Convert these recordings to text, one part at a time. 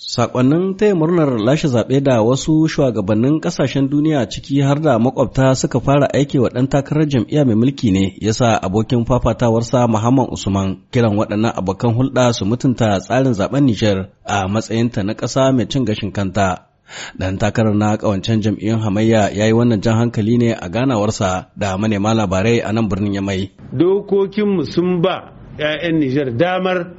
Sakonnin taya murnar lashe zaɓe da wasu shugabannin ƙasashen duniya ciki har da makwabta suka fara aiki wa ɗan takarar jam'iyya mai mulki ne ya sa abokin fafatawarsa Muhammad Usman kiran waɗannan abokan hulɗa su mutunta tsarin zaben Nijar a matsayinta na ƙasa mai cin gashin kanta. Ɗan takarar na ƙawancen jam'iyyun hamayya ya yi wannan jan hankali ne a ganawarsa da manema labarai a nan birnin Yamai. Dokokinmu sun ba 'ya'yan Nijar damar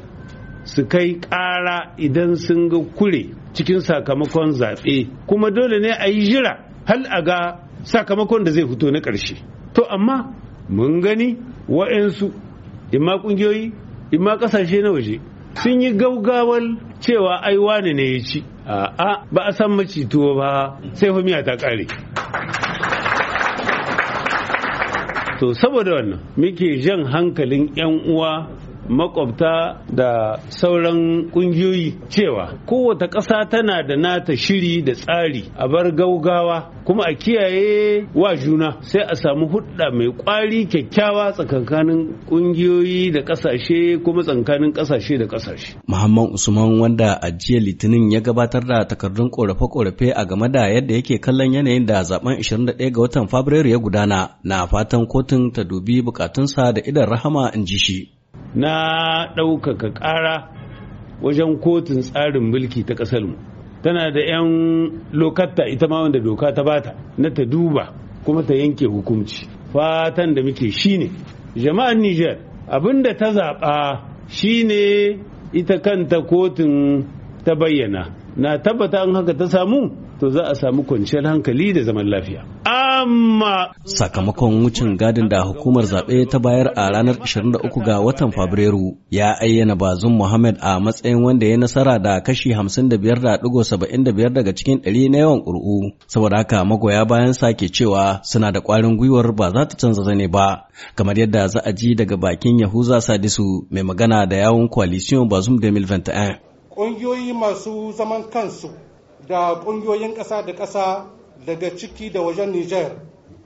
su kai ƙara idan sun ga kure cikin sakamakon zaɓe eh. kuma dole ne a yi jira hal a ga sakamakon da zai fito na ƙarshe to amma mun gani wa'yansu imma ƙungiyoyi imma ƙasashe na waje sun yi gaugawar cewa ai wane ne ya ci a'a ba a san macito ba sai fa miya ta ƙare to saboda wannan muke jan hankalin 'yan uwa makwabta da sauran ƙungiyoyi cewa kowace ƙasa tana da nata shiri da tsari a bar gaugawa kuma a kiyaye wa juna sai a samu hudda mai kwari kyakkyawa tsakankanin kungiyoyi da kasashe kuma tsakanin ƙasashe da ƙasashe. Muhammad Usman wanda a jiya Litinin ya gabatar da takardun korafe-korafe a game da yadda yake kallon yanayin da zaben 21 ga watan Fabrairu ya gudana na fatan kotun ta dubi bukatunsa da idan rahama in ji shi. na ɗaukaka ƙara wajen kotun tsarin mulki ta ƙasar mu tana da 'yan lokatta ita ma wanda doka ta bata na ta duba kuma ta yanke hukunci fatan da muke shine jama'an niger abinda ta zaɓa shine ita kanta kotun ta bayyana na tabbata an haka ta samu to za a samu kwanciyar hankali da zaman lafiya. Amma sakamakon wucin gadin da hukumar zaɓe ta bayar a ranar 23 ga watan Fabrairu ya ayyana bazun Muhammad a matsayin wanda ya nasara da kashi 55.75 daga cikin 100 na yawan ƙuri'u. Saboda haka magoya bayan sa ke cewa suna da ƙwarin gwiwar ba za ta canza zane ba, kamar yadda za a ji daga bakin Yahuza Sadisu mai magana da yawun coalition Bazum 2021. Ƙungiyoyi masu zaman kansu da ƙungiyoyin ƙasa da ƙasa daga ciki da wajen Nijar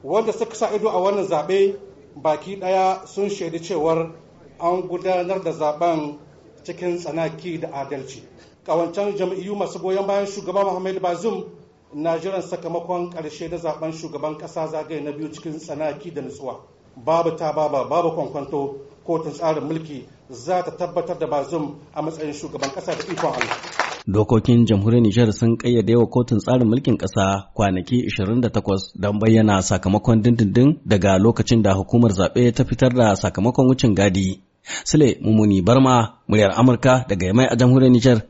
wanda suka sa ido a wannan zaɓe baki ɗaya sun shaidi cewar an gudanar da zaben cikin tsanaki da adalci. Ƙawancen jam'iyyu masu goyon bayan shugaban Muhammadu Bazum na jiran sakamakon ƙarshe na zaben shugaban ƙasa zagaye na biyu cikin tsanaki da nutsuwa. Babu ta baba babu kwankwanto kotun tsarin mulki za ta tabbatar da bazum a matsayin shugaban ƙasa da ikon Allah. Dokokin jamhuriyar Nijar sun kayyade wa kotun tsarin mulkin ƙasa kwanaki 28 don bayyana sakamakon dindindin daga lokacin da hukumar zaɓe ta fitar da sakamakon wucin gadi. Sule Mumuni Barma, muryar Amurka daga Yamai a jamhuriyar Nijar.